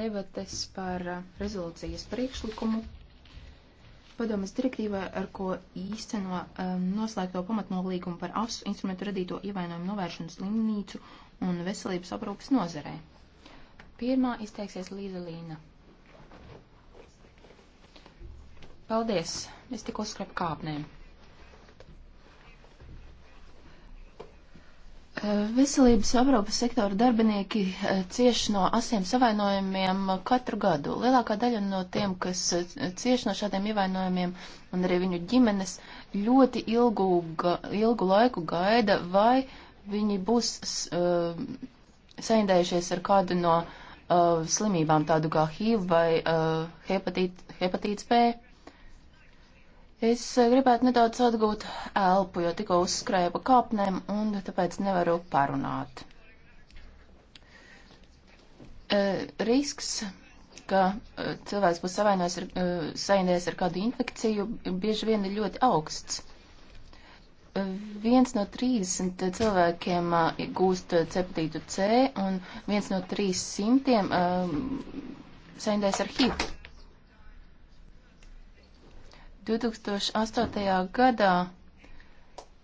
debates par uh, rezolūcijas priekšlikumu padomas direktīvai, ar ko īsteno um, noslēgto pamatnolīgumu par asu instrumentu radīto ievainojumu novēršanu slimnīcu un veselības aprūpas nozarē. Pirmā izteiksies Līza Līna. Paldies! Es tikko skrap kāpnēm. Veselības aprūpas sektora darbinieki eh, cieš no asiem savainojumiem katru gadu. Lielākā daļa no tiem, kas eh, cieš no šādiem ievainojumiem un arī viņu ģimenes, ļoti ilgu, ilgu laiku gaida, vai viņi būs uh, saindējušies ar kādu no uh, slimībām, tādu kā HIV vai uh, hepatīts B. Es gribētu nedaudz atgūt elpu, jo tikko uzskrēju pa kāpnēm un tāpēc nevaru parunāt. E, risks, ka e, cilvēks būs savainojis ar, e, saindies ar kādu infekciju, bieži vien ir ļoti augsts. E, viens no 30 cilvēkiem e, gūst cepatītu C un viens no 300 e, saindies ar HIV. 2008. gadā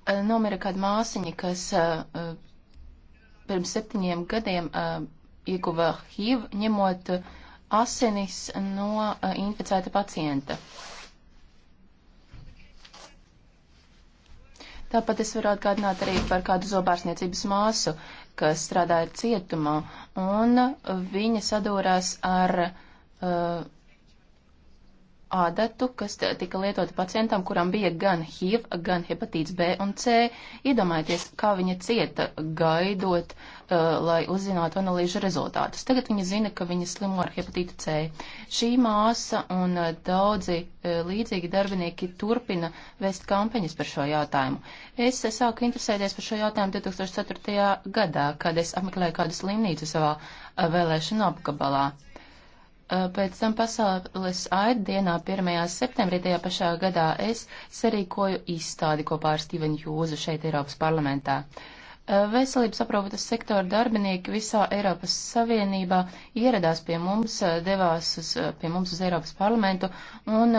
eh, nomira kāda māsiņa, kas eh, pirms septiņiem gadiem eh, ieguva HIV, ņemot asinis no inficēta pacienta. Tāpat es varu atgādināt arī par kādu zobārsniecības māsu, kas strādāja cietumā, un viņa sadūrās ar uh, ādatu, kas tika lietota pacientam, kuram bija gan HIV, gan hepatīts B un C. Iedomājieties, kā viņa cieta gaidot, uh, lai uzzinātu analīžu rezultātus. Tagad viņa zina, ka viņa slimo ar hepatītu C. Šī māsa un uh, daudzi uh, līdzīgi darbinieki turpina vēst kampaņas par šo jautājumu. Es uh, sāku interesēties par šo jautājumu 2004. gadā, kad es apmeklēju kādu slimnīcu savā uh, vēlēšanu apgabalā. Uh, pēc tam pasaules aida dienā 1. septembrī tajā pašā gadā es sarīkoju izstādi kopā ar Stīvenu Jūzu šeit Eiropas parlamentā. Uh, veselības aprūpas sektora darbinieki visā Eiropas Savienībā ieradās pie mums, uh, devās uz, pie mums uz Eiropas parlamentu un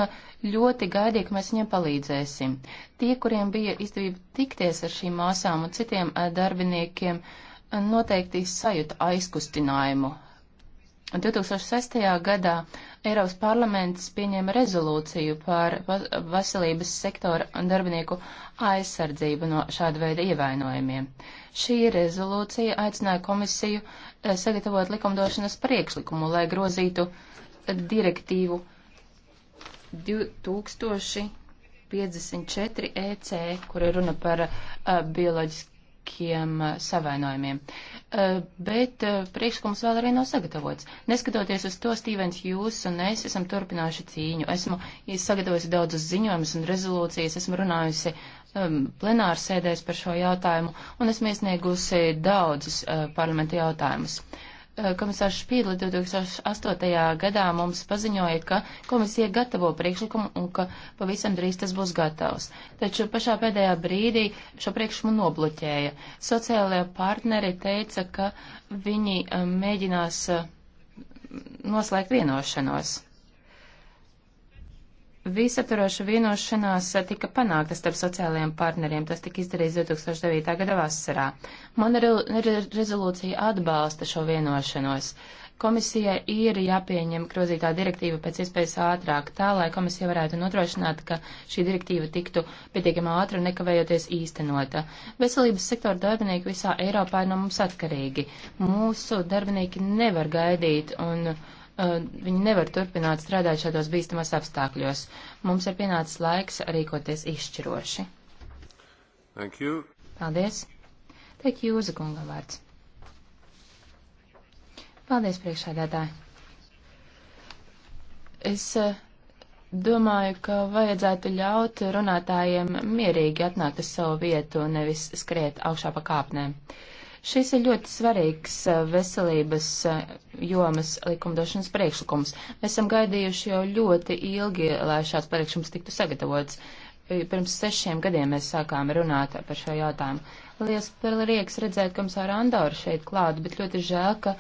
ļoti gaidīja, ka mēs viņiem palīdzēsim. Tie, kuriem bija izdevība tikties ar šīm māsām un citiem darbiniekiem, noteikti sajūta aizkustinājumu 2006. gadā Eiropas parlaments pieņēma rezolūciju par veselības sektora darbinieku aizsardzību no šāda veida ievainojumiem. Šī rezolūcija aicināja komisiju eh, sagatavot likumdošanas priekšlikumu, lai grozītu direktīvu 2054 EC, kur ir runa par eh, bioloģisku lielākiem eh, savainojumiem. Eh, bet eh, priekšlikums vēl arī nav sagatavots. Neskatoties uz to, Stīvens, jūs un es esam turpinājuši cīņu. Esmu sagatavojusi daudzus ziņojumus un rezolūcijas, esmu runājusi ehm, plenārsēdēs par šo jautājumu un esmu iesniegusi daudzus parlamenta jautājumus. Eh, komisārs Špīdli 2008. gadā mums paziņoja, ka komisija gatavo priekšlikumu un ka pavisam drīz tas būs gatavs. Taču pašā pēdējā brīdī šo priekšlikumu nobloķēja. Sociālajie partneri teica, ka viņi eh, mēģinās eh, noslēgt vienošanos. Visaturoša vienošanās tika panākta starp sociālajiem partneriem. Tas tika izdarīts 2009. gada vasarā. Mana re rezolūcija atbalsta šo vienošanos. Komisijai ir jāpieņem grozītā direktīva pēc iespējas ātrāk, tā lai komisija varētu nodrošināt, ka šī direktīva tiktu pietiekami ātri un nekavējoties īstenota. Veselības sektora darbinieki visā Eiropā ir no mums atkarīgi. Mūsu darbinieki nevar gaidīt un uh, Eh, viņi nevar turpināt strādāt šādos bīstamos apstākļos. Mums ir pienācis laiks rīkoties izšķiroši. Thank you. Paldies. Tiek jūza kunga vārds. Paldies, priekšādātāji. Es eh, domāju, ka vajadzētu ļaut runātājiem mierīgi atnākt uz savu vietu, nevis skriet augšā pa kāpnēm. Uh, Šis ir ļoti svarīgs eh, veselības eh, jomas likumdošanas priekšlikums. Mēs esam gaidījuši jau ļoti ilgi, lai šāds priekšlikums tiktu sagatavots. Eh, pirms sešiem gadiem mēs sākām runāt par šo jautājumu. Liels prieks redzēt komisāru Andoru šeit klāt, bet ļoti žēl, ka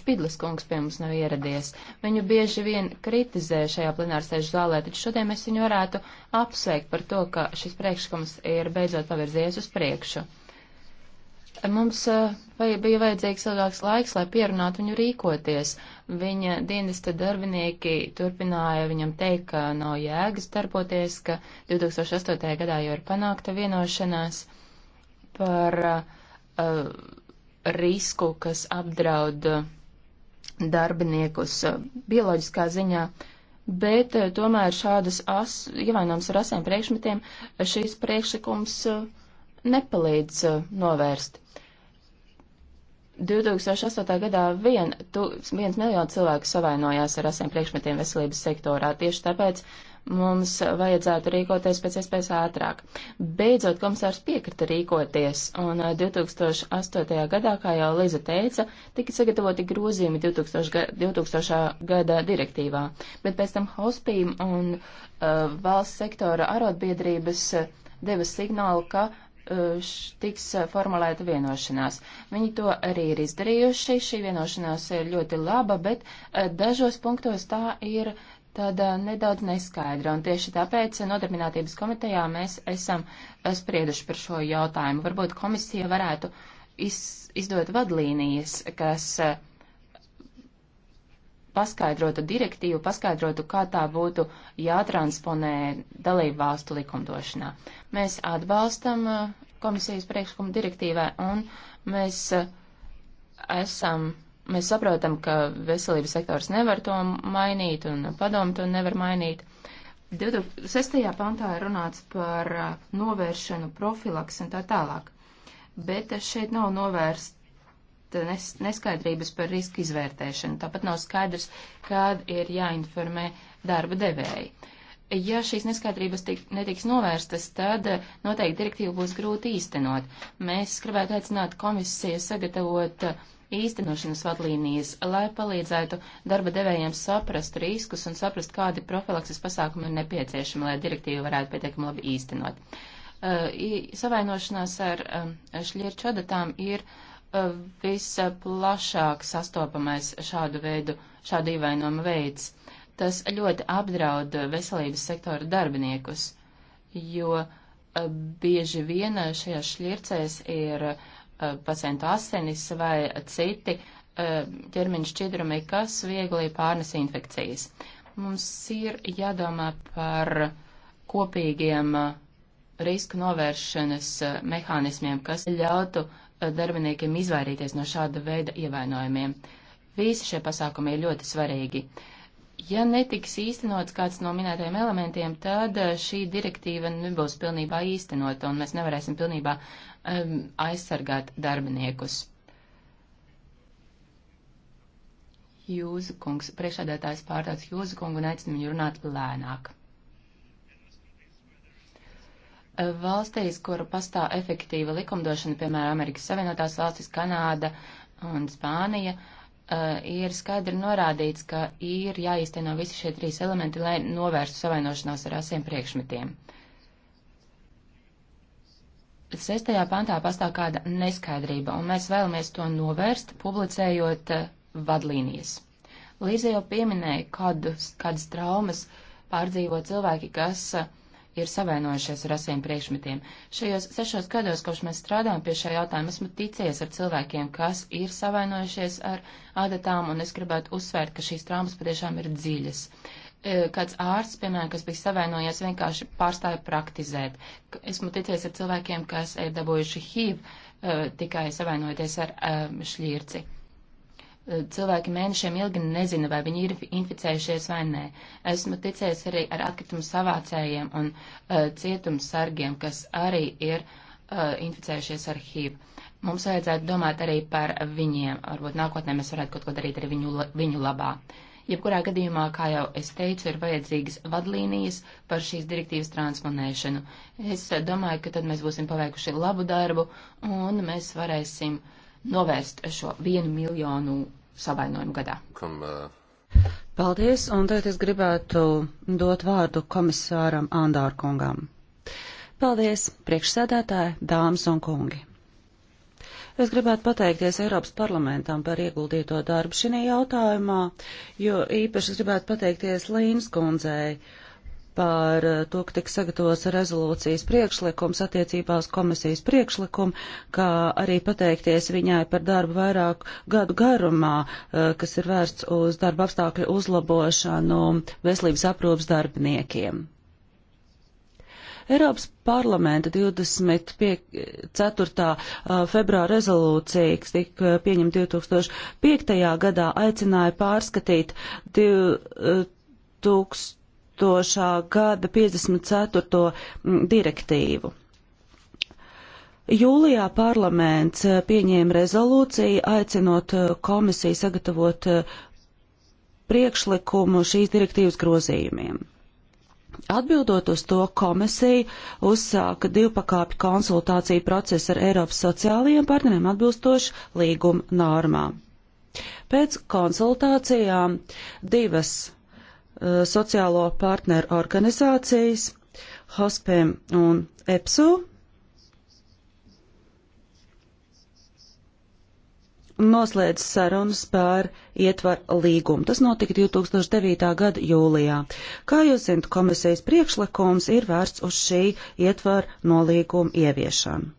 Špidlis kungs pie mums nav ieradies. Viņu bieži vien kritizē šajā plenārsēžu zālē, taču šodien mēs viņu varētu apsveikt par to, ka šis priekšlikums ir beidzot pavirzies uz priekšu. Mums vai bija vajadzīgs ilgāks laiks, lai pierunātu viņu rīkoties. Viņa dienesta darbinieki turpināja viņam teikt, ka nav jēgas darboties, ka 2008. gadā jau ir panākta vienošanās par uh, risku, kas apdraud darbiniekus uh, bioloģiskā ziņā. Bet uh, tomēr šādas as, ievainojums ar asiem priekšmetiem šīs priekšlikums uh, nepalīdz uh, novērst. 2008. gadā vien, tu, viens miljonu cilvēku savainojās ar asiem priekšmetiem veselības sektorā. Tieši tāpēc mums vajadzētu rīkoties pēc iespējas ātrāk. Beidzot, komisārs piekrita rīkoties, un 2008. Eh, gadā, kā jau Liza teica, tika sagatavoti grozījumi 2000, 2000. gada direktīvā, bet pēc tam Hospīm un uh, valsts sektora arotbiedrības uh, deva signālu, ka Uh, tiks uh, formulēta vienošanās. Viņi to arī ir izdarījuši. Šī vienošanās ir ļoti laba, bet uh, dažos punktos tā ir tāda nedaudz neskaidra. Un tieši tāpēc nodarbinātības komitejā mēs esam sprieduši par šo jautājumu. Varbūt komisija varētu iz, izdot vadlīnijas, kas uh, paskaidrotu direktīvu, paskaidrotu, kā tā būtu jātransponē dalību valstu likumdošanā. Mēs atbalstam uh, komisijas priekšlikumu direktīvē un mēs uh, esam, mēs saprotam, ka veselības sektors nevar to mainīt un padomu to nevar mainīt. 26. pantā ir runāts par uh, novēršanu, profilaks un tā tālāk, bet šeit nav novērst nes, neskaidrības par risku izvērtēšanu. Tāpat nav skaidrs, kāda ir jāinformē darba devēji. Ja šīs neskaidrības tik, netiks novērstas, tad noteikti direktīvu būs grūti īstenot. Mēs gribētu aicināt komisiju sagatavot īstenošanas vadlīnijas, lai palīdzētu darba devējiem saprast riskus un saprast, kādi profilakses pasākumi ir nepieciešami, lai direktīvu varētu pietiekami labi īstenot. Uh, savainošanās ar uh, um, šķirču adatām ir uh, visplašāk sastopamais šādu veidu, šādu īvainojumu veids. Tas ļoti apdraud veselības sektora darbiniekus, jo eh, bieži vien šajā šļircēs ir eh, pacientu asinis vai citi eh, ķermeņa šķidrumi, kas viegli pārnes infekcijas. Mums ir jādomā par kopīgiem risku novēršanas mehānismiem, kas ļautu darbiniekiem izvairīties no šāda veida ievainojumiem. Visi šie pasākumi ir ļoti svarīgi. Ja netiks īstenots kāds no minētajiem elementiem, tad eh, šī direktīva nebūs pilnībā īstenota un mēs nevarēsim pilnībā um, aizsargāt darbiniekus. Jūzu kungs, priekšādētājs pārtauc Jūzu kungu un aicinu viņu runāt lēnāk. Valstīs, kur pastāv efektīva likumdošana, piemēram, Amerikas Savienotās valstis, Kanāda un Spānija, eh, ir skaidri norādīts, ka ir jāīsteno visi šie trīs elementi, lai novērstu savainošanos ar asiem priekšmetiem. Sestajā pantā pastāv kāda neskaidrība, un mēs vēlamies to novērst, publicējot eh, vadlīnijas. Līdze jau pieminēja, kādas, kādas traumas pārdzīvo cilvēki, kas uh, ir savienojušies ar asiem priekšmetiem. Šajos sešos gados, kopš mēs strādājam pie šā jautājuma, esmu ticies ar cilvēkiem, kas ir savienojušies ar ādatām, un es gribētu uzsvērt, ka šīs traumas patiešām ir dziļas e, kāds ārsts, piemēram, kas bija savainojies, vienkārši pārstāja praktizēt. Esmu ticies ar cilvēkiem, kas ir dabūjuši HIV e, tikai savainojoties ar e, šķirci cilvēki mēnešiem ilgi nezina, vai viņi ir inficējušies vai nē. Esmu ticējis arī ar atkritumu savācējiem un uh, e, cietumsargiem, kas arī ir uh, inficējušies ar HIV. Mums vajadzētu domāt arī par viņiem. Varbūt nākotnē mēs varētu kaut ko darīt arī viņu, viņu labā. Jebkurā gadījumā, kā jau es teicu, ir vajadzīgas vadlīnijas par šīs direktīvas transponēšanu. Es e, domāju, ka tad mēs būsim paveikuši labu darbu un mēs varēsim uh, novērst šo vienu miljonu savainojumu gadā. Kam, uh... Paldies, un tagad es gribētu dot vārdu komisāram Andārkungam. Paldies, priekšsēdētāji, dāmas un kungi! Es gribētu pateikties Eiropas parlamentam par ieguldīto darbu šī jautājumā, jo īpaši gribētu pateikties Līnas kundzei par eh, to, ka tiks sagatavots rezolūcijas priekšlikums attiecībās komisijas priekšlikumu, kā arī pateikties viņai par darbu vairāk gadu garumā, eh, kas ir vērsts uz darba apstākļu uzlabošanu veselības aprūpas darbiniekiem. Eiropas parlamenta 24. Eh, februāra rezolūcija, kas tika pieņemta 2005. gadā, aicināja pārskatīt 2000 2000. gada 54. Mm, direktīvu. Jūlijā parlaments eh, pieņēma rezolūciju aicinot eh, komisiju sagatavot eh, priekšlikumu šīs direktīvas grozījumiem. Atbildot uz to, komisija uzsāka divpakāpju konsultāciju procesu ar Eiropas sociālajiem partneriem atbilstoši līguma normām. Pēc konsultācijām divas Eh, sociālo partneru organizācijas, HOSPEM un EPSU. noslēdz sarunas par ietvaru līgumu. Tas notika 2009. gada jūlijā. Kā jūs zinat, komisijas priekšlikums ir vērsts uz šī ietvaru nolīguma ieviešanu.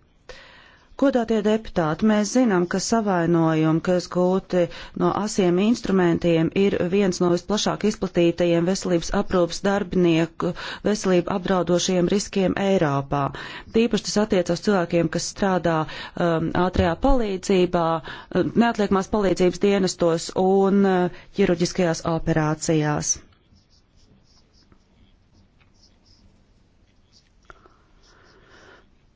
Godātie deputāti, mēs zinām, ka savainojumi, kas gūti no asiem instrumentiem, ir viens no visplašāk izplatītajiem veselības aprūpas darbinieku veselību apdraudošiem riskiem Eiropā. Tīpaši tas attiecas uz cilvēkiem, kas strādā um, ātrajā palīdzībā, uh, neatliekamās palīdzības dienestos un uh, ķirurģiskajās operācijās.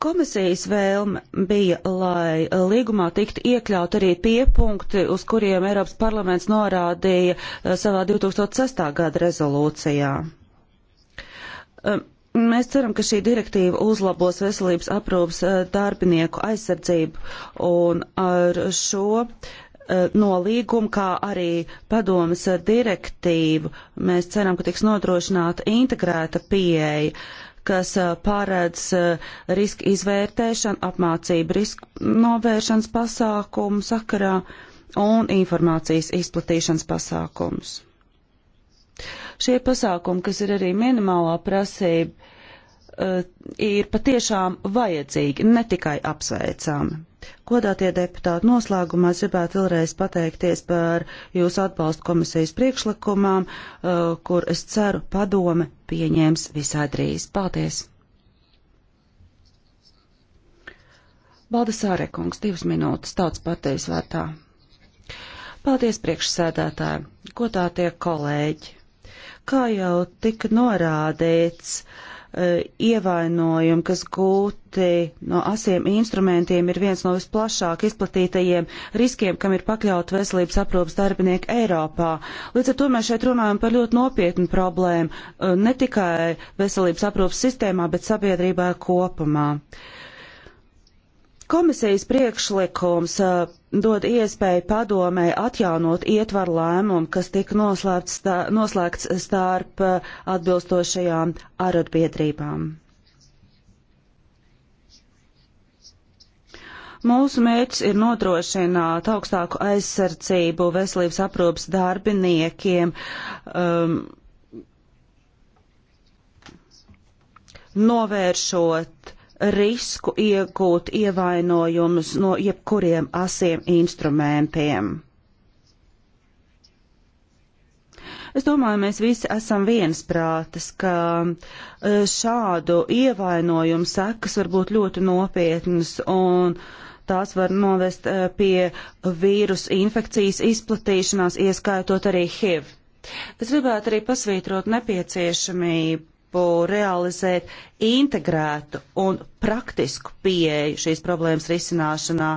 Komisijas vēlme bija, lai līgumā tiktu iekļaut arī tie punkti, uz kuriem Eiropas parlaments norādīja eh, savā 2006. gada rezolūcijā. Eh, mēs ceram, ka šī direktīva uzlabos veselības aprūpas eh, darbinieku aizsardzību un ar šo no līguma, kā arī padomas direktīvu, mēs ceram, ka tiks nodrošināta integrēta pieeja kas paredz riska izvērtēšanu, apmācību riska novēršanas pasākumu sakarā un informācijas izplatīšanas pasākumus. Šie pasākumi, kas ir arī minimālā prasība, ir patiešām vajadzīgi, ne tikai apsveicami. Godātie deputāti, noslēgumā gribētu vēlreiz pateikties par jūsu atbalstu komisijas priekšlikumām, uh, kur es ceru padome pieņems visai drīz. Paldies! Baldas Ārekungs, divas minūtes, tautas partijas vērtā. Paldies priekšsēdētāji, godātie kolēģi! Kā jau tika norādīts, uh, E, ievainojumi, kas gūti no asiem instrumentiem, ir viens no visplašāk izplatītajiem riskiem, kam ir pakļaut veselības aprūpas darbinieki Eiropā. Līdz ar to mēs šeit runājam par ļoti nopietnu problēmu e, ne tikai veselības aprūpas sistēmā, bet sabiedrībā kopumā. Komisijas priekšlikums e, dod iespēju padomēji atjaunot ietvaru lēmumu, kas tika noslēgts, stā, noslēgts starp eh, atbilstošajām arotbiedrībām. Mūsu mērķis ir nodrošināt augstāku aizsardzību veselības aprūpas darbiniekiem. Um, novēršot risku iegūt ievainojumus no jebkuriem asiem instrumentiem. Es domāju, mēs visi esam viensprātis, ka e, šādu ievainojumu sekas var būt ļoti nopietnas un tās var novest e, pie vīrusu infekcijas izplatīšanās, ieskaitot arī HIV. Es gribētu arī pasvītrot nepieciešamību gribu realizēt integrētu un praktisku pieeju šīs problēmas risināšanā.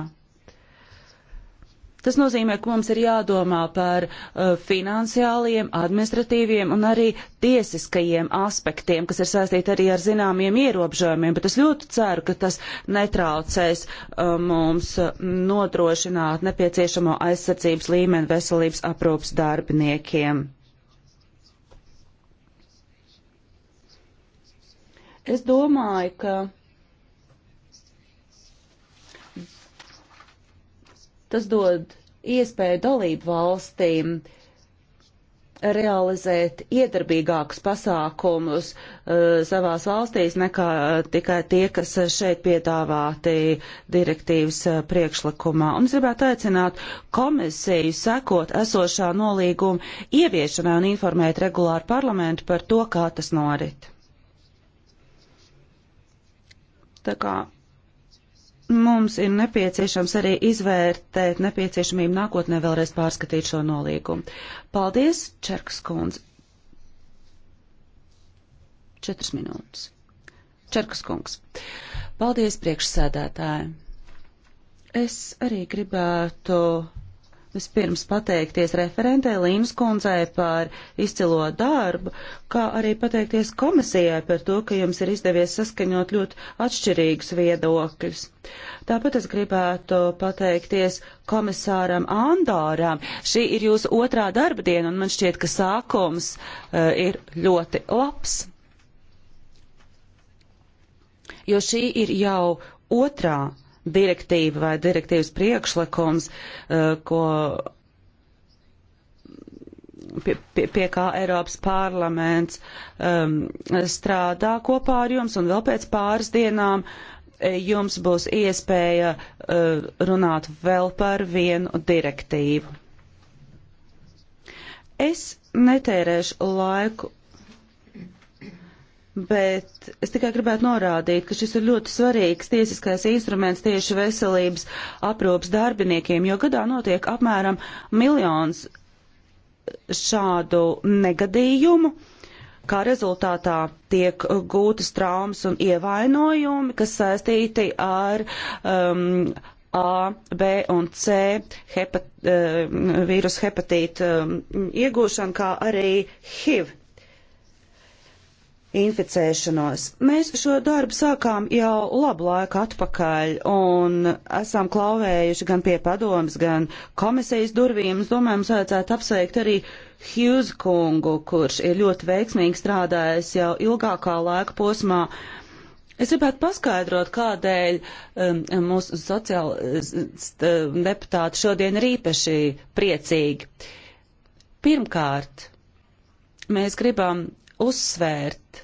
Tas nozīmē, ka mums ir jādomā par uh, finansiāliem, administratīviem un arī tiesiskajiem aspektiem, kas ir saistīti arī ar zināmiem ierobežojumiem, bet es ļoti ceru, ka tas netraucēs uh, mums uh, nodrošināt nepieciešamo aizsardzības līmeni veselības aprūpas darbiniekiem. Es domāju, ka tas dod iespēju dalību valstīm realizēt iedarbīgākus pasākumus uh, savās valstīs nekā tikai tie, kas šeit piedāvāti direktīvas uh, priekšlikumā. Un es gribētu aicināt komisiju sekot esošā nolīguma ieviešanai un informēt regulāri parlamentu par to, kā tas norit. Tā kā mums ir nepieciešams arī izvērtēt nepieciešamību nākotnē vēlreiz pārskatīt šo nolīgumu. Paldies, Čerks kundze. Četras minūtes. Čerks kungs. Paldies, priekšsēdētāji. Es arī gribētu Vispirms pateikties referentē Līnas kundzei par izcilo darbu, kā arī pateikties komisijai par to, ka jums ir izdevies saskaņot ļoti atšķirīgus viedokļus. Tāpat es gribētu pateikties komisāram Andāram. Šī ir jūsu otrā darba diena, un man šķiet, ka sākums uh, ir ļoti labs. Jo šī ir jau otrā direktīva vai direktīvas priekšlikums, eh, ko, pie, pie, pie kā Eiropas parlaments um, strādā kopā ar jums, un vēl pēc pāris dienām eh, jums būs iespēja uh, runāt vēl par vienu direktīvu. Es netērēšu laiku Bet es tikai gribētu norādīt, ka šis ir ļoti svarīgs tiesiskais instruments tieši veselības aprūpas darbiniekiem, jo gadā notiek apmēram miljons šādu negadījumu, kā rezultātā tiek gūtas traumas un ievainojumi, kas saistīti ar um, A, B un C hepat, uh, eh, vīrusu hepatītu um, iegūšanu, kā arī HIV inficēšanos. Mēs šo darbu sākām jau labu laiku atpakaļ un esam klauvējuši gan pie padomas, gan komisijas durvīm. Es domāju, mums vajadzētu apsveikt arī Hughes kungu, kurš ir ļoti veiksmīgi strādājis jau ilgākā laika posmā. Es gribētu paskaidrot, kādēļ um, mūsu sociālisti um, deputāti šodien ir īpaši priecīgi. Pirmkārt, mēs gribam uzsvērt,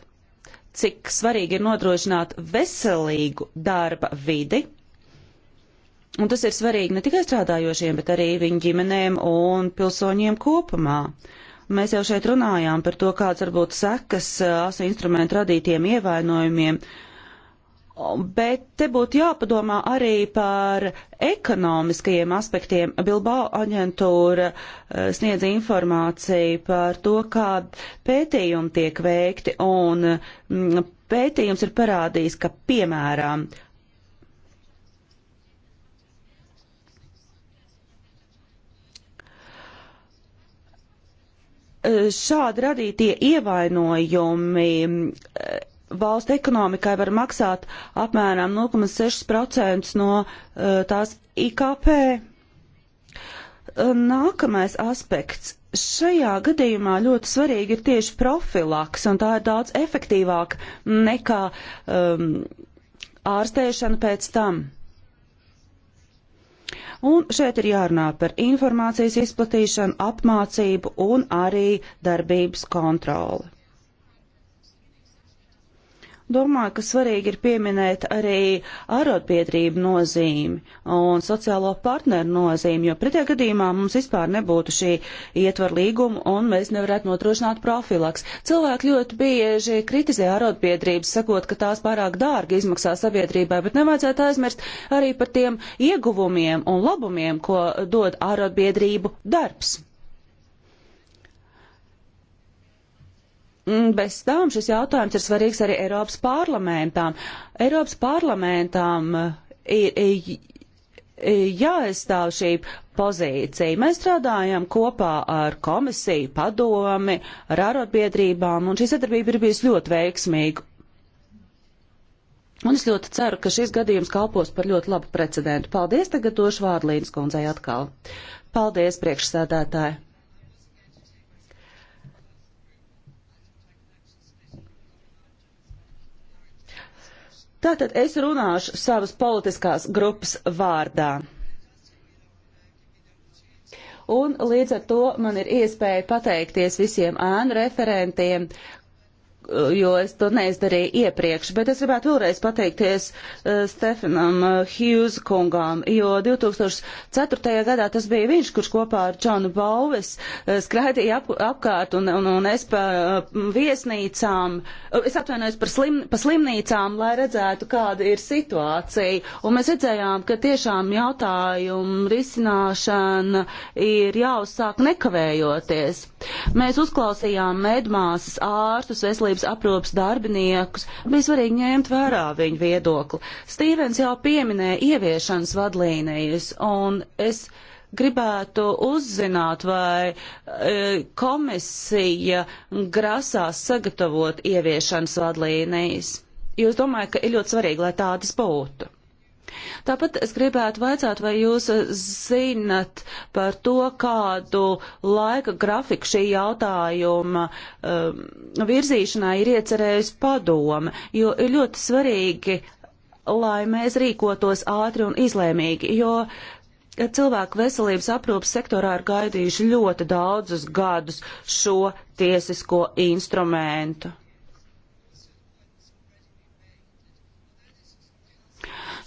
cik svarīgi ir nodrošināt veselīgu darba vidi. Un tas ir svarīgi ne tikai strādājošiem, bet arī viņu ģimenēm un pilsoņiem kopumā. Mēs jau šeit runājām par to, kāds varbūt sekas eh, asu instrumentu radītiem ievainojumiem uh, Bet te būtu jāpadomā arī par ekonomiskajiem aspektiem. Bilbao aģentūra eh, sniedz informāciju par to, kā pētījumi tiek veikti, un mm, pētījums ir parādījis, ka piemēram eh, šādi radītie ievainojumi eh, valsts ekonomikai var maksāt apmēram 0,6% no eh, tās IKP. Nākamais aspekts. Šajā gadījumā ļoti svarīgi ir tieši profilaks, un tā ir daudz efektīvāka nekā um, ārstēšana pēc tam. Un šeit ir jārunā par informācijas izplatīšanu, apmācību un arī darbības kontroli. Domāju, ka svarīgi ir pieminēt arī arotbiedrību nozīmi un sociālo partneru nozīmi, jo pretējā gadījumā mums vispār nebūtu šī ietvaru līguma un mēs nevarētu notrošināt profilaks. Cilvēki ļoti bieži kritizē arotbiedrības, sakot, ka tās pārāk dārgi izmaksā sabiedrībai, bet nevajadzētu aizmirst arī par tiem ieguvumiem un labumiem, ko dod arotbiedrību darbs. Mm, bez tam šis jautājums ir svarīgs arī Eiropas parlamentām. Eiropas parlamentām ir, ir jāaizstāv šī pozīcija. Mēs strādājam kopā ar komisiju, padomi, ar arotbiedrībām, un šī sadarbība ir bijusi ļoti veiksmīga. Un es ļoti ceru, ka šis gadījums kalpos par ļoti labu precedentu. Paldies, tagad došu vārdu Līnas kundzei atkal. Paldies, priekšsēdētāji! Tātad es runāšu savas politiskās grupas vārdā. Un līdz ar to man ir iespēja pateikties visiem ēnu referentiem jo es to neizdarīju iepriekš, bet es gribētu vēlreiz pateikties uh, Stefanam uh, Hughes kungām, jo 2004. gadā tas bija viņš, kurš kopā ar Džonu Bauves uh, eh, skraidīja ap, apkārt un, un, un es pa uh, viesnīcām, uh, es atvainojos par slim, pa slimnīcām, lai redzētu, kāda ir situācija. Un mēs redzējām, ka tiešām jautājumu risināšana ir jāuzsāk nekavējoties. Mēs uzklausījām medmāsas ārstus, veselības veselības aprūpas darbiniekus, bija svarīgi ņemt vērā viņu viedokli. Stīvens jau pieminēja ieviešanas vadlīnijas, un es gribētu uzzināt, vai e, komisija grasās sagatavot ieviešanas vadlīnijas. Jūs domājat, ka ir ļoti svarīgi, lai tādas būtu? Tāpat es gribētu vaicāt, vai jūs zinat par to, kādu laika grafiku šī jautājuma um, virzīšanā ir iecerējusi padome, jo ir ļoti svarīgi, lai mēs rīkotos ātri un izlēmīgi, jo cilvēku veselības aprūpas sektorā ir gaidījuši ļoti daudzus gadus šo tiesisko instrumentu.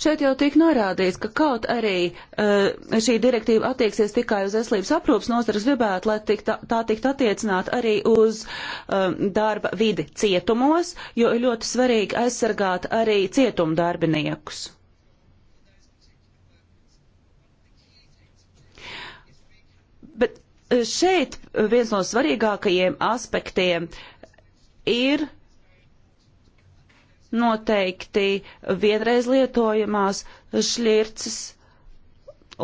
Šeit jau tika norādīts, ka kaut arī uh, šī direktīva attieksies tikai uz veselības aprūpas nozares, gribētu, lai tik tā, tā tiktu attiecināta arī uz um, darba vidi cietumos, jo ir ļoti svarīgi aizsargāt arī cietumdarbiniekus. Bet eh, šeit viens no svarīgākajiem aspektiem ir noteikti vienreiz lietojamās šļirces,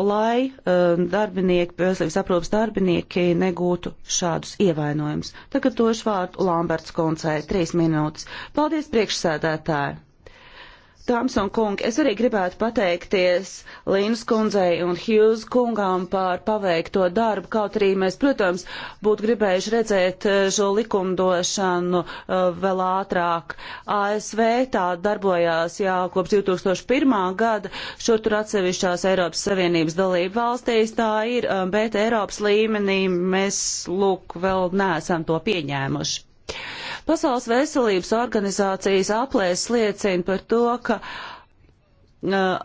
lai uh, darbinieki, veselības aprūpas darbinieki negūtu šādus ievainojumus. Tagad došu vārdu Lamberts koncei, trīs minūtes. Paldies priekšsēdētāji! Dāmas un kungi, es arī gribētu pateikties Līnas kundzei un Hughes kungām par paveikto darbu, kaut arī mēs, protams, būtu gribējuši redzēt eh, šo likumdošanu eh, vēl ātrāk. ASV tā darbojās jau kopš 2001. gada, šur tur atsevišķās Eiropas Savienības dalību valstīs tā ir, eh, bet Eiropas līmenī mēs, lūk, vēl neesam to pieņēmuši. Pasaules veselības organizācijas aplēs liecina par to, ka uh,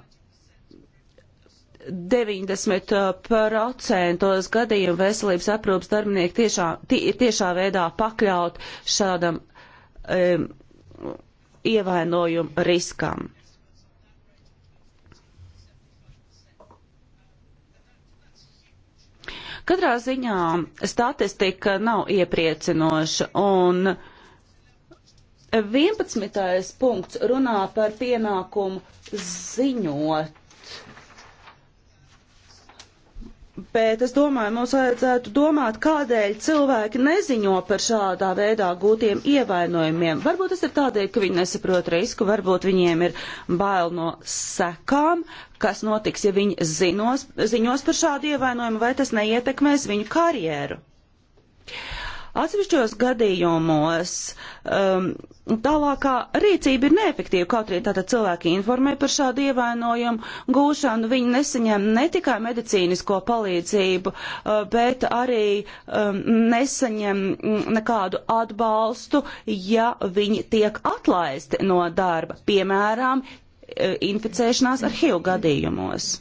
90% gadījumu veselības aprūpas darbinieki tiešā, tiešā veidā pakļaut šādam um, ievainojumu riskam. Katrā ziņā statistika nav iepriecinoša un uh, 11. punkts runā par pienākumu ziņot. Bet es domāju, mums vajadzētu domāt, kādēļ cilvēki neziņo par šādā veidā gūtiem ievainojumiem. Varbūt tas ir tādēļ, ka viņi nesaprot risku, varbūt viņiem ir bail no sekām, kas notiks, ja viņi zinos, ziņos par šādu ievainojumu, vai tas neietekmēs viņu karjeru. Uh, Atsevišķos gadījumos um, tālākā rīcība ir neefektīva, kaut arī tātad cilvēki informē par šādu ievainojumu gūšanu, viņi nesaņem ne tikai medicīnisko palīdzību, uh, bet arī um, nesaņem mm, nekādu atbalstu, ja viņi tiek atlaisti no darba, piemēram, uh, inficēšanās ar HIV gadījumos.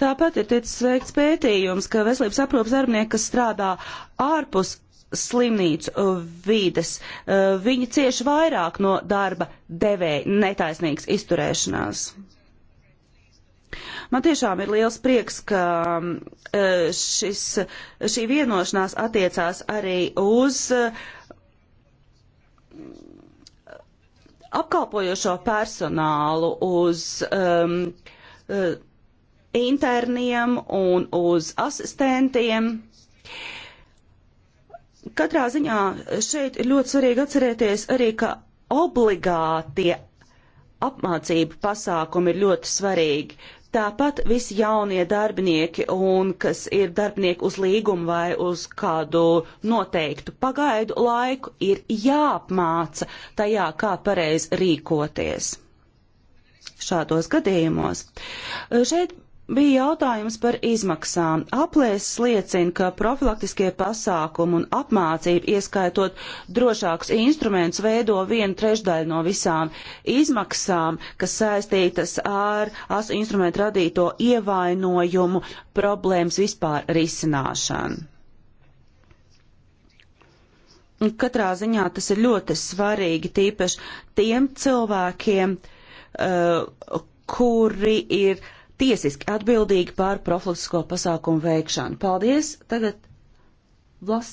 Tāpat ir ticis veikts pētījums, ka veselības aprūpas darbinieki, kas strādā ārpus slimnīcu uh, vides, uh, viņi cieši vairāk no darba devēja netaisnīgas izturēšanās. Man tiešām ir liels prieks, ka um, uh, šis, šī vienošanās attiecās arī uz apkalpojošo personālu, uz um, interniem un uz asistentiem. Katrā ziņā šeit ir ļoti svarīgi atcerēties arī, ka obligātie apmācību pasākumi ir ļoti svarīgi. Tāpat visi jaunie darbinieki un kas ir darbinieki uz līgumu vai uz kādu noteiktu pagaidu laiku ir jāapmāca tajā, kā pareizi rīkoties. Šādos gadījumos. Šeit Bija jautājums par izmaksām. Aplēses liecina, ka profilaktiskie pasākumi un apmācība, ieskaitot drošāks instruments, veido vienu trešdaļu no visām izmaksām, kas saistītas ar asu instrumentu radīto ievainojumu problēmas vispār risināšanu. Katrā ziņā tas ir ļoti svarīgi, tīpaši tiem cilvēkiem, uh, kuri ir tiesiski atbildīgi pār profilaktisko pasākumu veikšanu. Paldies! Tagad Vlas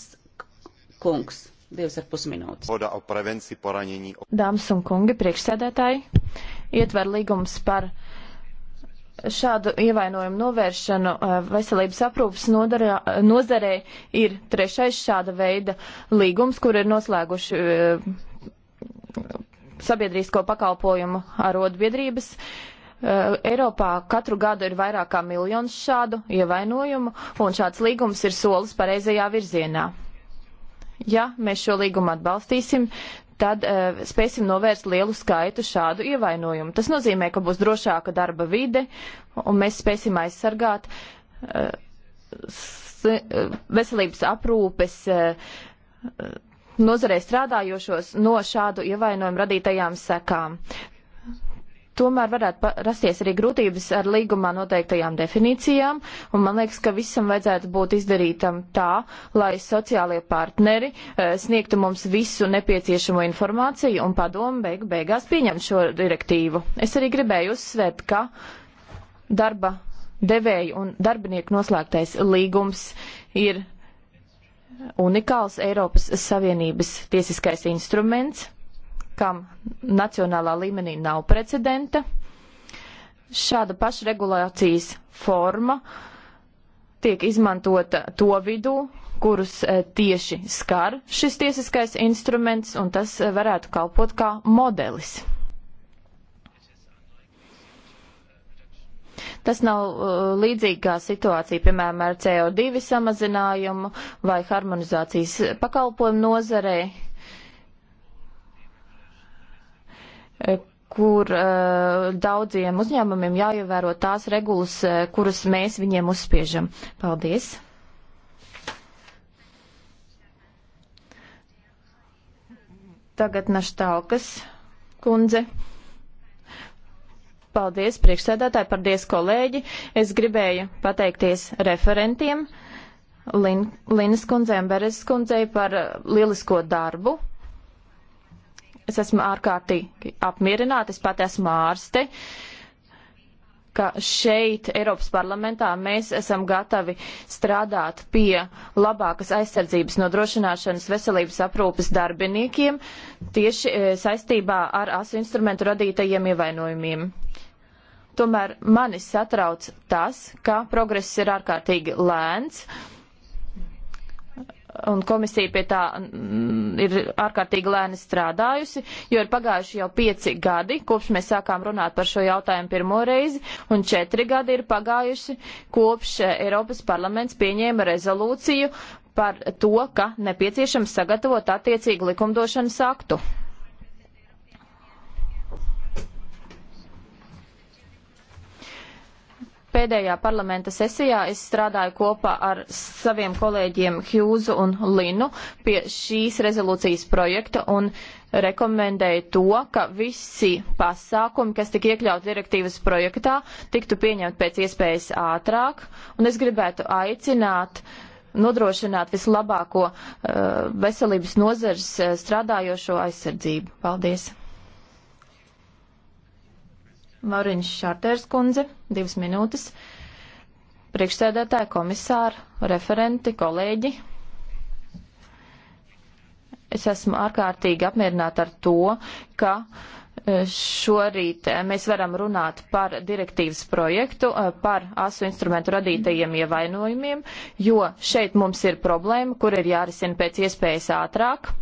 kungs, divas ar pus minūtes. Dāmas un kungi, priekšsēdētāji, ietver līgums par šādu ievainojumu novēršanu eh, veselības aprūpas nozarē ir trešais šāda veida līgums, kur ir noslēguši eh, sabiedrīsko pakalpojumu arotbiedrības. Ar Eh, Eiropā katru gadu ir vairāk kā miljons šādu ievainojumu, un šāds līgums ir solis pareizajā virzienā. Ja mēs šo līgumu atbalstīsim, tad uh, spēsim novērst lielu skaitu šādu ievainojumu. Tas nozīmē, ka būs drošāka darba vide, un mēs spēsim aizsargāt uh, veselības aprūpes. Uh, nozarē strādājošos no šādu ievainojumu radītajām sekām tomēr varētu rasties arī grūtības ar līgumā noteiktajām definīcijām, un man liekas, ka visam vajadzētu būt izdarītam tā, lai sociālie partneri e, sniegtu mums visu nepieciešamo informāciju un padomu beig beigās pieņem šo direktīvu. Es arī gribēju uzsvērt, ka darba devēju un darbinieku noslēgtais līgums ir unikāls Eiropas Savienības tiesiskais instruments kam nacionālā līmenī nav precedenta. Šāda pašregulācijas forma tiek izmantota to vidū, kurus eh, tieši skar šis tiesiskais instruments, un tas eh, varētu kalpot kā modelis. Tas nav uh, līdzīgi kā situācija, piemēram, ar CO2 samazinājumu vai harmonizācijas pakalpojumu nozarei. Eh, kur uh, daudziem uzņēmumiem jāievēro tās regulas, uh, kuras mēs viņiem uzspiežam. Paldies! Tagad Naštalkas kundze. Paldies priekšsēdētāji, paldies kolēģi. Es gribēju pateikties referentiem Lin, Linas kundzei un Beres kundzei par lielisko darbu, Es esmu ārkārtīgi apmierināta, es pat esmu ārste, ka šeit Eiropas parlamentā mēs esam gatavi strādāt pie labākas aizsardzības nodrošināšanas veselības aprūpes darbiniekiem tieši e, saistībā ar asu instrumentu radītajiem ievainojumiem. Tomēr mani satrauc tas, ka progress ir ārkārtīgi lēns un komisija pie tā mm, ir ārkārtīgi lēni strādājusi, jo ir pagājuši jau pieci gadi, kopš mēs sākām runāt par šo jautājumu pirmo reizi, un četri gadi ir pagājuši, kopš eh, Eiropas parlaments pieņēma rezolūciju par to, ka nepieciešams sagatavot attiecīgu likumdošanas aktu. pēdējā parlamenta sesijā es strādāju kopā ar saviem kolēģiem Hjūzu un Linu pie šīs rezolūcijas projekta un rekomendēju to, ka visi pasākumi, kas tika iekļauti direktīvas projektā, tiktu pieņemti pēc iespējas ātrāk, un es gribētu aicināt nodrošināt vislabāko uh, veselības nozares uh, strādājošo aizsardzību. Paldies! Mauriņš Šārtērs kundze, divas minūtes. Priekšsēdētāji, komisāri, referenti, kolēģi. Es esmu ārkārtīgi apmierināta ar to, ka e, šorīt e, mēs varam runāt par direktīvas projektu, e, par asu instrumentu radītajiem ievainojumiem, jo šeit mums ir problēma, kur ir jārisina pēc iespējas ātrāk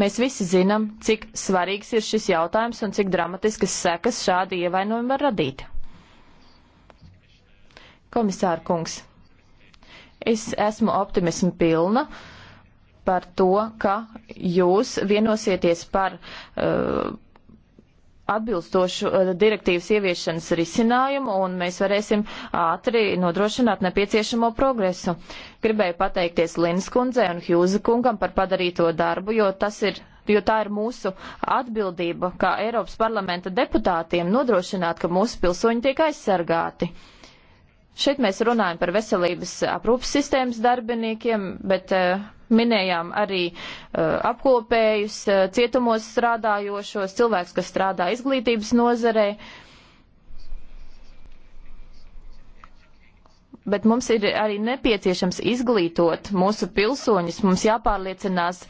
Mēs visi zinām, cik svarīgs ir šis jautājums un cik dramatiskas sekas šādi ievainojumi var radīt. Komisāra kungs, es esmu optimismu pilna par to, ka jūs vienosieties par uh, atbilstošu eh, direktīvas ieviešanas risinājumu un mēs varēsim ātri nodrošināt nepieciešamo progresu. Gribēju pateikties Linas kundzei un Hjūza kungam par padarīto darbu, jo tas ir jo tā ir mūsu atbildība, kā Eiropas parlamenta deputātiem, nodrošināt, ka mūsu pilsoņi tiek aizsargāti. Šeit mēs runājam par veselības aprūpas sistēmas darbiniekiem, bet uh, minējām arī uh, apkopējus, uh, cietumos strādājošos, cilvēks, kas strādā izglītības nozarē. Bet mums ir arī nepieciešams izglītot mūsu pilsoņus, mums jāpārliecinās,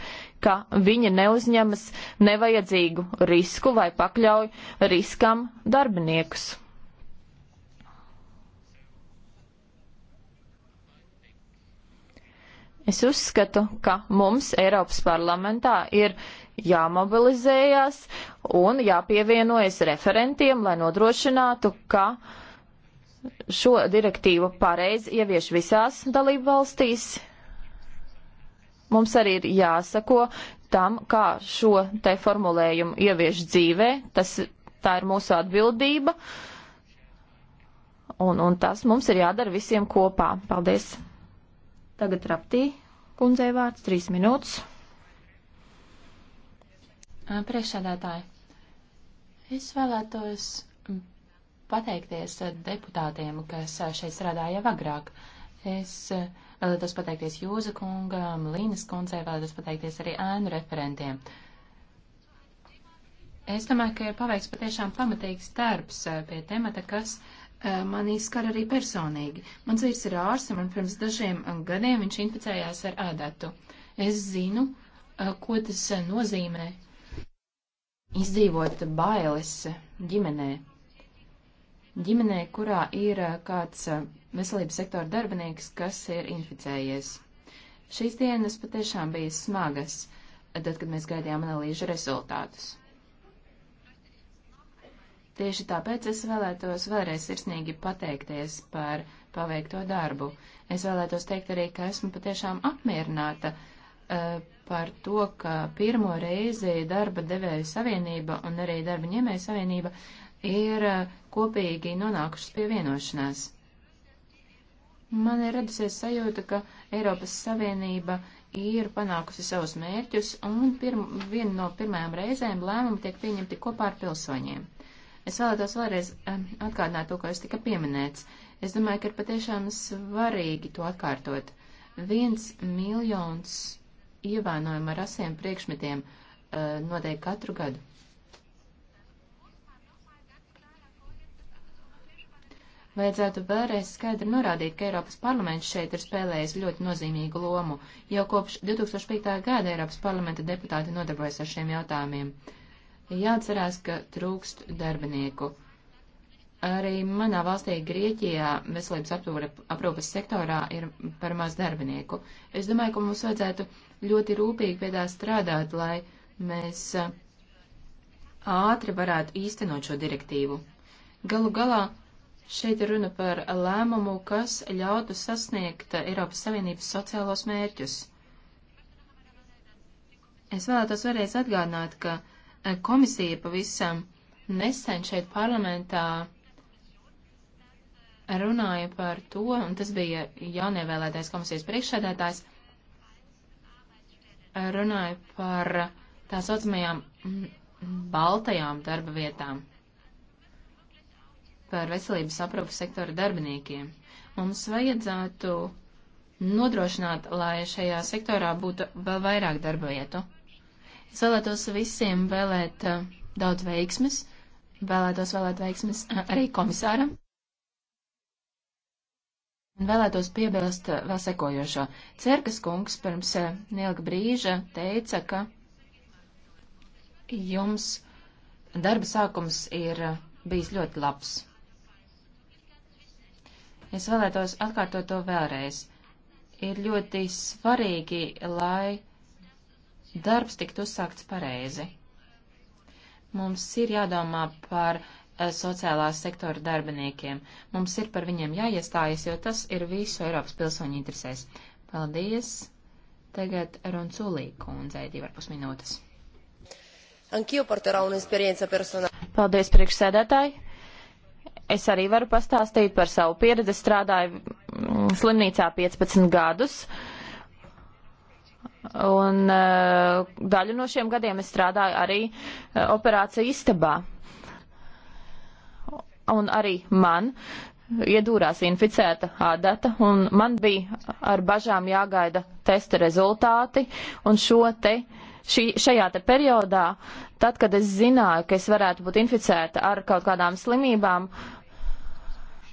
ka viņi neuzņemas nevajadzīgu risku vai pakļauj riskam darbiniekus. Es uzskatu, ka mums Eiropas parlamentā ir jāmobilizējās un jāpievienojas referentiem, lai nodrošinātu, ka šo direktīvu pareizi ievieš visās dalību valstīs. Mums arī ir jāsako tam, kā šo te formulējumu ievieš dzīvē. Tas, tā ir mūsu atbildība. Un, un tas mums ir jādara visiem kopā. Paldies! Tagad raptī kundzei vārds trīs minūtes. Priekšsēdētāji, es vēlētos pateikties deputātiem, kas šeit strādāja agrāk. Es vēlētos pateikties Jūza kungam, Līnas kundzei, vēlētos pateikties arī ēnu referentiem. Es domāju, ka ir paveikts patiešām pamatīgs darbs pie temata, kas uh, Eh, mani skar arī personīgi. Mans vīrs ir ārsts, un pirms dažiem eh, gadiem viņš inficējās ar ādatu. Es zinu, eh, ko tas nozīmē izdzīvot bailes ģimenē. Ģimenē, kurā ir kāds veselības sektora darbinieks, kas ir inficējies. Šīs dienas patiešām bija smagas, tad, kad mēs gaidījām analīžu rezultātus. Tieši tāpēc es vēlētos vēlreiz sirsnīgi pateikties par paveikto darbu. Es vēlētos teikt arī, ka esmu patiešām apmierināta uh, par to, ka pirmo reizi darba devēja savienība un arī darba ņēmēja savienība ir uh, kopīgi nonākušas pie vienošanās. Man ir radusies sajūta, ka Eiropas Savienība ir panākusi savus mērķus, un pirma, viena no pirmajām reizēm lēmumi tiek pieņemti kopā ar pilsoņiem. Es vēlētos vēlreiz atgādināt to, ko es tika pieminēts. Es domāju, ka ir patiešām svarīgi to atkārtot. Viens miljons ievainojumu ar asiem priekšmetiem uh, notiek katru gadu. Vajadzētu vēlreiz skaidri norādīt, ka Eiropas parlaments šeit ir spēlējis ļoti nozīmīgu lomu. Jau kopš 2005. gada Eiropas parlamenta deputāti nodarbojas ar šiem jautājumiem. Jāatcerās, ka trūkst darbinieku. Arī manā valstī Grieķijā veselības aprūpes sektorā ir par maz darbinieku. Es domāju, ka mums vajadzētu ļoti rūpīgi pie tā strādāt, lai mēs ātri varētu īstenot šo direktīvu. Galu galā šeit ir runa par lēmumu, kas ļautu sasniegt Eiropas Savienības sociālos mērķus. Es vēlētos vēlreiz atgādināt, ka komisija pavisam nesen šeit parlamentā runāja par to, un tas bija jaunievēlētais komisijas priekšsēdētājs, runāja par tā saucamajām baltajām darba vietām, par veselības aprūpas sektora darbiniekiem. Mums vajadzētu nodrošināt, lai šajā sektorā būtu vēl vairāk darba vietu. Es vēlētos visiem vēlēt eh, daudz veiksmes, vēlētos vēlēt veiksmes eh, arī komisāram. Un vēlētos piebilst eh, vēl sekojošo. Cerkas kungs pirms neilga brīža teica, ka jums darba sākums ir bijis ļoti labs. Es vēlētos atkārtot to vēlreiz. Ir ļoti svarīgi, lai darbs tiktu uzsākts pareizi. Mums ir jādomā par eh, sociālās sektora darbiniekiem. Mums ir par viņiem jāiestājas, jo tas ir visu Eiropas pilsoņu interesēs. Paldies! Tagad Ronculī kundzei divarpus minūtes. Paldies, priekšsēdētāji! Es arī varu pastāstīt par savu pieredzi. Strādāju mm, slimnīcā 15 gadus. Uh, un eh, daļu no šiem gadiem es strādāju arī eh, operācija istabā. Un arī man iedūrās inficēta adata, un man bija ar bažām jāgaida testa rezultāti, un šo te, šī, šajā te periodā, tad, kad es zināju, ka es varētu būt inficēta ar kaut kādām slimībām, uh,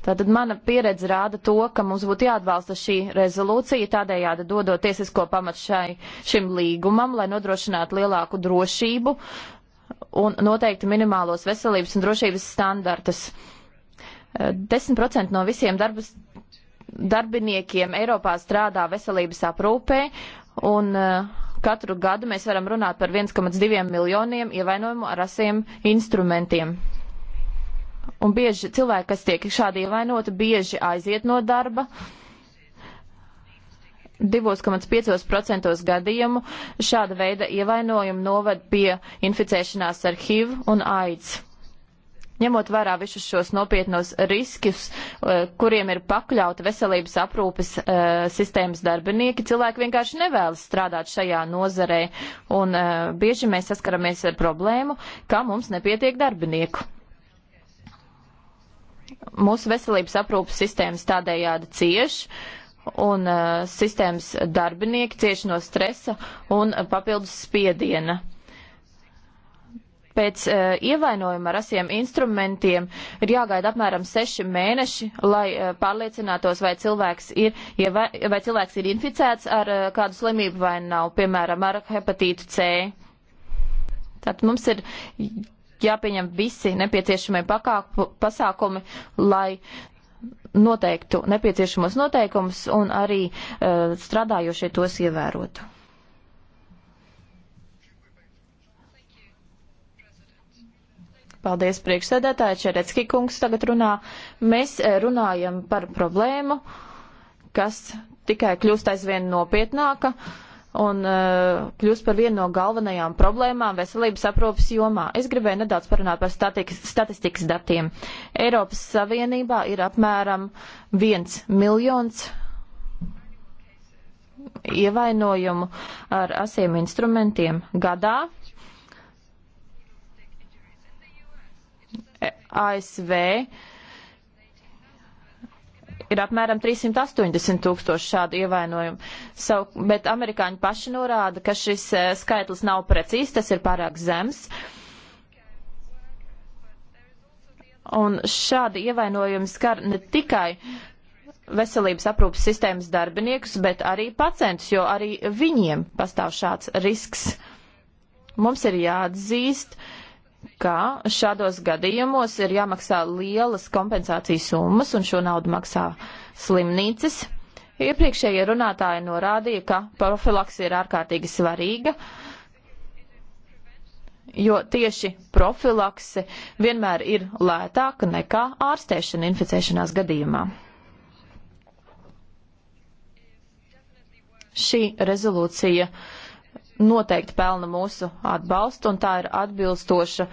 Tātad mana pieredze rāda to, ka mums būtu jāatbalsta šī rezolūcija, tādējādi dodot tiesisko pamatu šai, šim līgumam, lai nodrošinātu lielāku drošību un noteikti minimālos veselības un drošības standartus. 10% no visiem darbas, darbiniekiem Eiropā strādā veselības aprūpē, un eh, katru gadu mēs varam runāt par 1,2 miljoniem ievainojumu ar asiem instrumentiem. Un bieži cilvēki, kas tiek šādi ievainoti, bieži aiziet no darba. 2,5% gadījumu šāda veida ievainojumi noved pie inficēšanās ar HIV un AIDS. Ņemot vērā visus šos nopietnos riskus, eh, kuriem ir pakļauta veselības aprūpes uh, sistēmas darbinieki, cilvēki vienkārši nevēlas strādāt šajā nozarē, un uh, bieži mēs saskaramies ar problēmu, ka mums nepietiek darbinieku. Mūsu veselības aprūpas sistēmas tādējādi cieš, un uh, sistēmas darbinieki cieši no stresa un uh, papildus spiediena. Pēc uh, ievainojuma ar asiem instrumentiem ir jāgaida apmēram seši mēneši, lai uh, pārliecinātos, vai cilvēks ir, ja vai, vai cilvēks ir inficēts ar uh, kādu slimību vai nav, piemēram, ar hepatītu C. Tātad mums ir jāpieņem visi nepieciešamie pakāpu, pasākumi, lai noteiktu nepieciešamos noteikumus un arī uh, strādājošie tos ievērotu. Paldies priekšsēdētāji, Čerecki kungs tagad runā. Mēs eh, runājam par problēmu, kas tikai kļūst aizvien nopietnāka. Uh, un uh, kļūst par vienu no galvenajām problēmām veselības aprūpas jomā. Es gribēju nedaudz parunāt par statikas, statistikas datiem. Eiropas Savienībā ir apmēram viens miljons ievainojumu ar asiem instrumentiem gadā. ASV ir apmēram 380 tūkstoši šādu ievainojumu. Sau, bet amerikāņi paši norāda, ka šis eh, skaitlis nav precīzs, tas ir pārāk zems. Un šādi ievainojumi skar ne tikai veselības aprūpas sistēmas darbiniekus, bet arī pacientus, jo arī viņiem pastāv šāds risks. Mums ir jāatzīst, uh, ka šādos gadījumos ir jāmaksā lielas kompensācijas summas un šo naudu maksā slimnīcas. Iepriekšējie runātāji norādīja, ka profilakse ir ārkārtīgi svarīga, jo tieši profilakse vienmēr ir lētāka nekā ārstēšana inficēšanās gadījumā. Šī rezolūcija uh, noteikti pelna mūsu atbalstu, un tā ir atbilstoša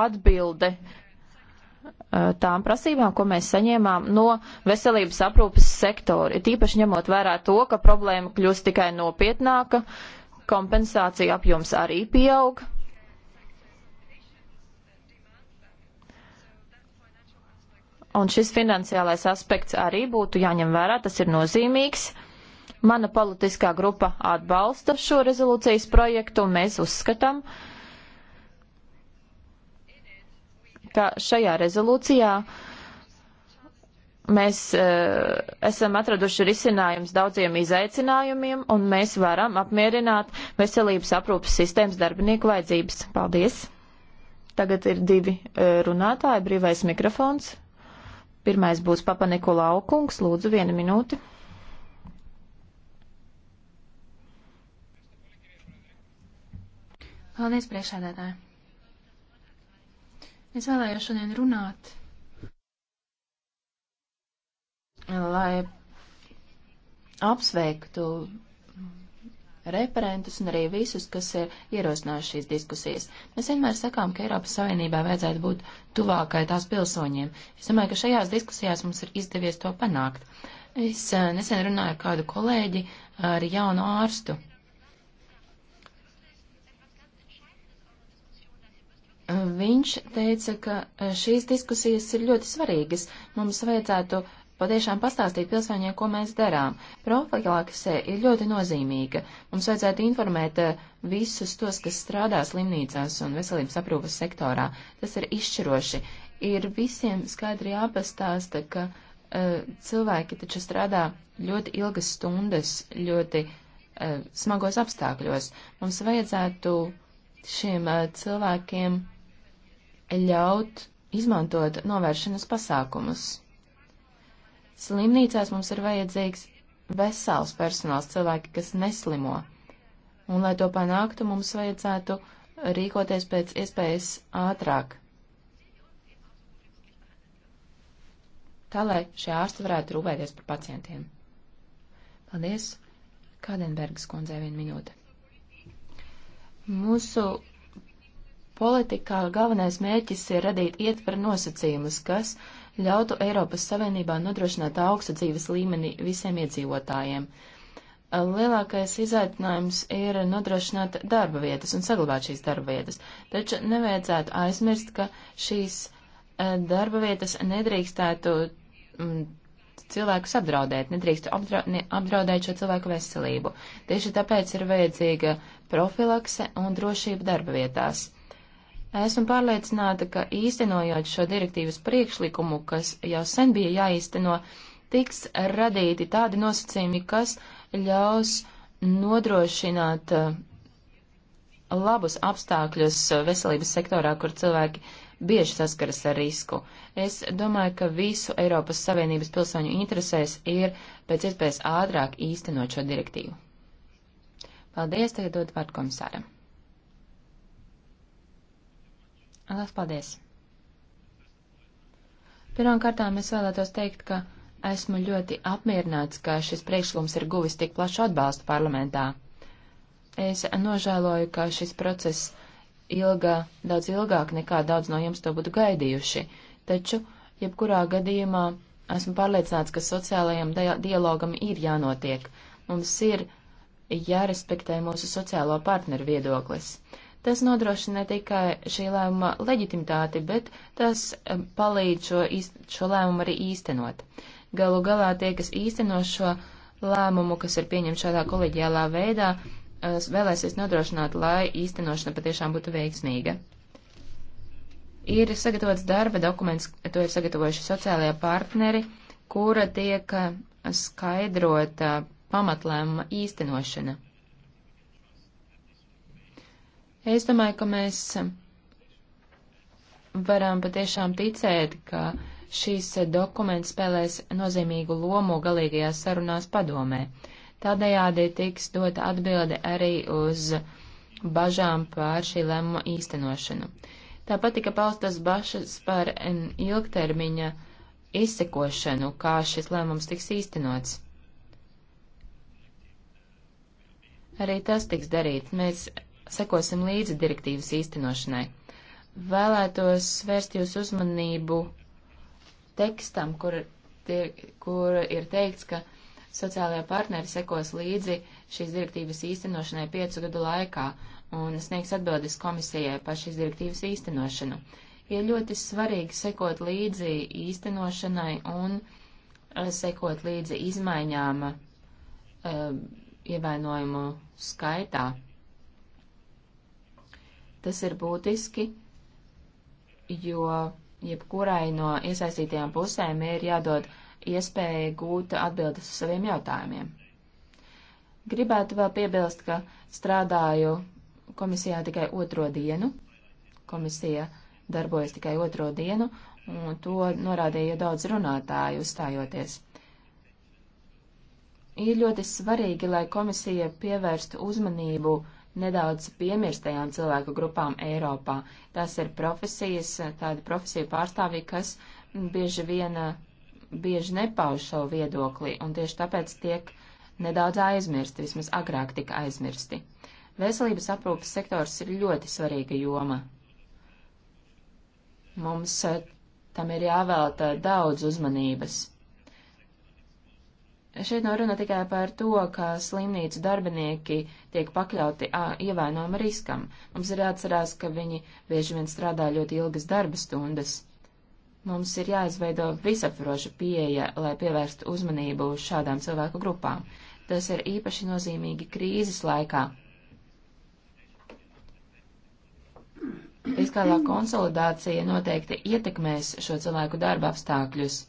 atbilde eh, tām prasībām, ko mēs saņēmām no veselības aprūpes sektora. Tīpaši ņemot vērā to, ka problēma kļūst tikai nopietnāka, kompensācija apjoms arī pieaug. Un šis finansiālais aspekts arī būtu jāņem vērā, tas ir nozīmīgs. Uh, Mana politiskā grupa atbalsta šo rezolūcijas projektu un mēs uzskatām, ka šajā rezolūcijā mēs e, esam atraduši risinājums daudziem izaicinājumiem un mēs varam apmierināt veselības aprūpas sistēmas darbinieku vajadzības. Paldies! Tagad ir divi e, runātāji, brīvais mikrofons. Pirmais būs Papa Nikolau kungs, lūdzu, viena minūte. Paldies, priekšādētāji! Es vēlējos šodien runāt, lai apsveiktu referentus un arī visus, kas ir ierosinājuši šīs diskusijas. Mēs vienmēr sakām, ka Eiropas Savienībā vajadzētu būt tuvākai tās pilsoņiem. Es domāju, ka šajās diskusijās mums ir izdevies to panākt. Es eh, nesen runāju ar kādu kolēģi, ar jaunu ārstu, Viņš teica, ka e, šīs diskusijas ir ļoti svarīgas. Mums vajadzētu patiešām pastāstīt pilsēņiem, ko mēs darām. Profilakse ir ļoti nozīmīga. Mums vajadzētu informēt e, visus tos, kas strādā slimnīcās un veselības aprūpas sektorā. Tas ir izšķiroši. Ir visiem skaidri jāpastāsta, ka uh, cilvēki taču strādā ļoti ilgas stundas, ļoti uh, smagos apstākļos. Mums vajadzētu šiem uh, cilvēkiem ļaut izmantot novēršanas pasākumus. Slimnīcās mums ir vajadzīgs vesels personāls, cilvēki, kas neslimo. Un, lai to panāktu, mums vajadzētu rīkoties pēc iespējas ātrāk. Tā, lai šie ārsti varētu rūpēties par pacientiem. Paldies! Kādenbergas kundzei vienu minūti. Mūsu Politikā galvenais mērķis ir radīt ietveru nosacījumus, kas ļautu Eiropas Savienībā nodrošināt augstu dzīves līmeni visiem iedzīvotājiem. Lielākais izaicinājums ir nodrošināt darba vietas un saglabāt šīs darba vietas, taču nevajadzētu aizmirst, ka šīs eh, darba vietas nedrīkstētu mm, cilvēkus apdraudēt, nedrīkst apdra ne, apdraudēt šo cilvēku veselību. Tieši tāpēc ir vajadzīga profilakse un drošība darba vietās. Esmu pārliecināta, ka īstenojot šo direktīvas priekšlikumu, kas jau sen bija jāīsteno, tiks radīti tādi nosacījumi, kas ļaus nodrošināt uh, labus apstākļus veselības sektorā, kur cilvēki bieži saskaras ar risku. Es domāju, ka visu Eiropas Savienības pilsoņu interesēs ir pēc iespējas ātrāk īstenot šo direktīvu. Paldies, tagad dod vārdu komisāram. Lielas paldies! Pirmkārtām es vēlētos teikt, ka esmu ļoti apmierināts, ka šis priekšlikums ir guvis tik plašu atbalstu parlamentā. Es nožēloju, ka šis process ilga daudz ilgāk nekā daudz no jums to būtu gaidījuši, taču, jebkurā gadījumā, esmu pārliecināts, ka sociālajam dialogam ir jānotiek. Mums ir jārespektē mūsu sociālo partneru viedoklis. Tas nodrošina ne tikai šī lēmuma leģitimitāti, bet tas palīdz šo, šo lēmumu arī īstenot. Galu galā tie, kas īsteno šo lēmumu, kas ir pieņemts šādā koleģiālā veidā, vēlēsies nodrošināt, lai īstenošana patiešām būtu veiksmīga. Ir sagatavots darba dokuments, to ir sagatavojuši sociālajie partneri, kura tiek skaidrota pamatlēmuma īstenošana. Es domāju, ka mēs varam patiešām ticēt, ka šīs dokuments spēlēs nozīmīgu lomu galīgajās sarunās padomē. Tādējādi tiks dota atbilde arī uz bažām pār šī lēmuma īstenošanu. Tāpat tika paustas bažas par ilgtermiņa izsekošanu, kā šis lēmums tiks īstenots. Arī tas tiks darīts. Mēs sekosim līdzi direktīvas īstenošanai. Vēlētos vērst jūs uzmanību tekstam, kur, tie, kur ir teikts, ka sociālajā partneri sekos līdzi šīs direktīvas īstenošanai piecu gadu laikā un sniegs atbildes komisijai par šīs direktīvas īstenošanu. Ir ļoti svarīgi sekot līdzi īstenošanai un eh, sekot līdzi izmaiņām e, ievainojumu skaitā. Tas ir būtiski, jo jebkurai no iesaistītajām pusēm ir jādod iespēja gūt atbildes uz saviem jautājumiem. Gribētu vēl piebilst, ka strādāju komisijā tikai otro dienu. Komisija darbojas tikai otro dienu, un to norādīja daudz runātāju uzstājoties. Ir ļoti svarīgi, lai komisija pievērstu uzmanību uh, nedaudz piemirstajām cilvēku grupām Eiropā. Tas ir profesijas, tāda profesija pārstāvja, kas bieži vien bieži nepauž savu viedokli, un tieši tāpēc tiek nedaudz aizmirsti, vismaz agrāk tika aizmirsti. Veselības aprūpas sektors ir ļoti svarīga joma. Mums eh, tam ir jāvēlta daudz uzmanības. Šeit nav runa tikai par to, ka slimnīcu darbinieki tiek pakļauti a, ievainojuma riskam. Mums ir jāatcerās, ka viņi bieži vien strādā ļoti ilgas darba stundas. Mums ir jāizveido visaptvaroša pieeja, lai pievērstu uzmanību šādām cilvēku grupām. Tas ir īpaši nozīmīgi krīzes laikā. Fiskālā konsolidācija noteikti ietekmēs šo cilvēku darba apstākļus.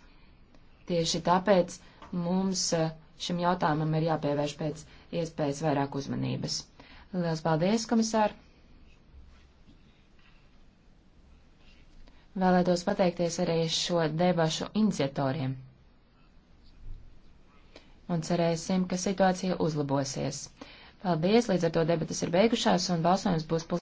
Tieši tāpēc mums e, šim jautājumam ir jāpievērš pēc iespējas vairāk uzmanības. Lielas paldies, komisār! Vēlētos pateikties arī šo debašu iniciatoriem. Un cerēsim, ka situācija uzlabosies. Paldies, līdz ar to debatas ir beigušās un balsojums būs.